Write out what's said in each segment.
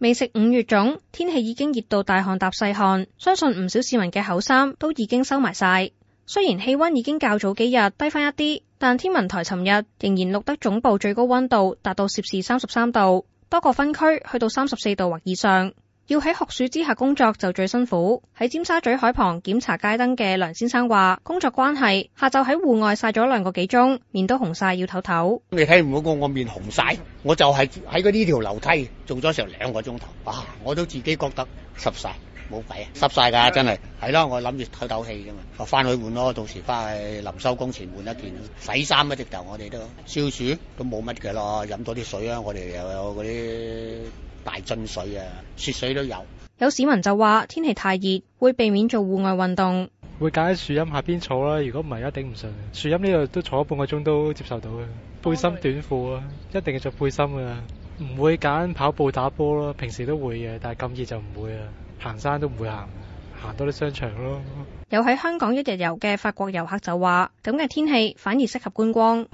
未食五月粽，天氣已經熱到大汗搭細汗，相信唔少市民嘅厚衫都已經收埋晒。雖然氣溫已經較早幾日低翻一啲，但天文台尋日仍然錄得總部最高溫度達到攝氏三十三度，多個分區去到三十四度或以上。要喺酷暑之下工作就最辛苦。喺尖沙咀海旁檢查街燈嘅梁先生話，工作關係下晝喺戶外曬咗兩個幾鐘，面都紅晒，要唞唞。你睇唔到過我，我面紅晒，我就係喺嗰呢條樓梯做咗成兩個鐘頭，哇、啊，我都自己覺得濕晒。冇計啊！濕晒㗎，真係。係咯，我諗住透透氣㗎嘛。我翻去換咯，到時翻去臨收工前換一件。洗衫啊直頭我哋都消暑都冇乜嘅囉。飲多啲水啊！我哋又有嗰啲大樽水啊，雪水都有。有市民就話：天氣太熱，會避免做戶外運動。會揀喺樹蔭下邊坐啦。如果唔係，一定頂唔順。樹蔭呢度都坐咗半個鐘都接受到嘅。背心短褲啊，一定要着背心㗎。唔會揀跑步打波咯。平時都會嘅，但係咁熱就唔會啦。行山都唔會行，行多啲商場囉。有喺香港一日遊嘅法國遊客就話，咁嘅天氣反而適合觀光。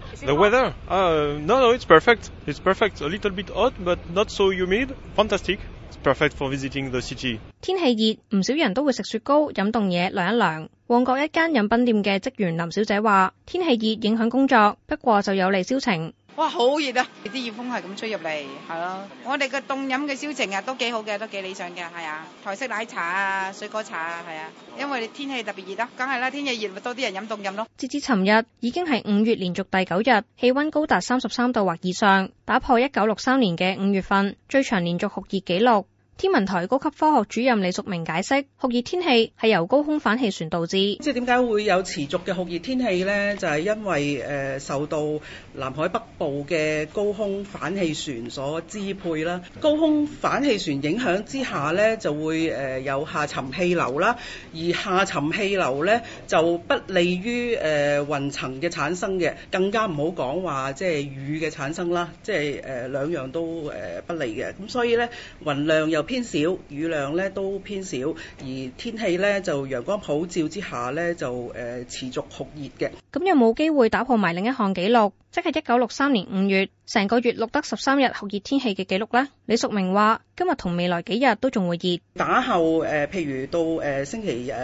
天氣熱，唔少人都會食雪糕、飲凍嘢涼一涼。旺角一間飲品店嘅職員林小姐話，天氣熱影響工作，不過就有利銷情。哇，好熱啊！啲熱風係咁吹入嚟，係咯。我哋嘅凍飲嘅銷情啊，都幾好嘅，都幾理想嘅，係啊。台式奶茶啊，水果茶啊，係啊。因為天氣特別熱啦，啊，梗係啦，天氣熱咪多啲人飲凍飲咯。截至尋日，已經係五月連續第九日氣温高達三十三度或以上，打破一九六三年嘅五月份最長連續酷熱紀錄。天文台高級科學主任李淑明解釋，酷熱天氣係由高空反氣旋導致。即係點解會有持續嘅酷熱天氣呢？就係因為誒受到南海北部嘅高空反氣旋所支配啦。高空反氣旋影響之下呢，就會誒有下沉氣流啦，而下沉氣流呢，就不利於誒雲層嘅產生嘅，更加唔好講話即係雨嘅產生啦。即係誒兩樣都誒不利嘅，咁所以呢，雲量又。偏少，雨量咧都偏少，而天氣咧就陽光普照之下咧就誒持續酷熱嘅，咁有冇機會打破埋另一項紀錄？即係一九六三年五月，成個月錄得十三日酷熱天氣嘅記錄咧。李淑明話：今日同未來幾日都仲會熱。打後誒，譬如到誒星期誒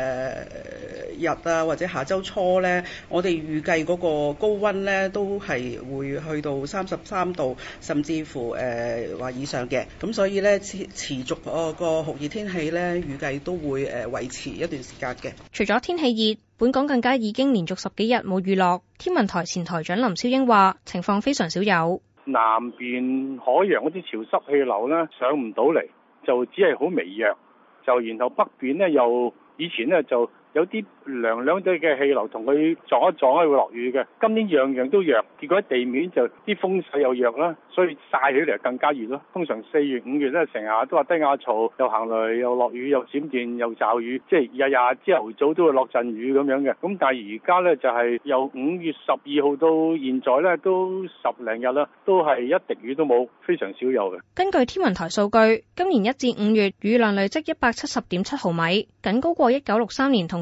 日啊，或者下周初咧，我哋預計嗰個高溫咧都係會去到三十三度，甚至乎誒或以上嘅。咁所以咧持持續個酷熱天氣咧，預計都會誒維持一段時間嘅。除咗天氣熱。本港更加已經連續十幾日冇雨落，天文台前台長林超英話：情況非常少有，南邊海洋嗰啲潮濕氣流呢上唔到嚟，就只係好微弱，就然後北邊呢又以前呢就。有啲涼涼哋嘅氣流同佢撞一撞咧，會落雨嘅。今年樣樣都弱，結果喺地面就啲風勢又弱啦，所以曬起嚟更加熱咯。通常四月、五月咧，成日都話低壓槽，又行雷，又落雨，又閃電，又驟雨，即係日日朝頭早都會落陣雨咁樣嘅。咁但係而家咧就係由五月十二號到現在咧，都十零日啦，都係一滴雨都冇，非常少有嘅。根據天文台數據，今年一至五月雨量累積一百七十點七毫米，僅高過一九六三年同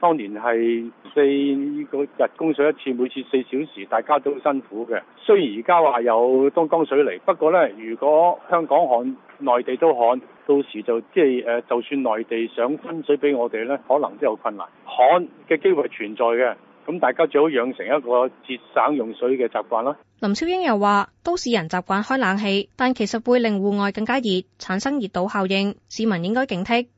當年係四個日供水一次，每次四小時，大家都辛苦嘅。雖然而家話有東江水嚟，不過咧，如果香港旱，內地都旱，到時就即係誒，就算內地想分水俾我哋咧，可能都有困難。旱嘅機會存在嘅，咁大家最好養成一個節省用水嘅習慣啦。林超英又話：都市人習慣開冷氣，但其實會令戶外更加熱，產生熱島效應，市民應該警惕。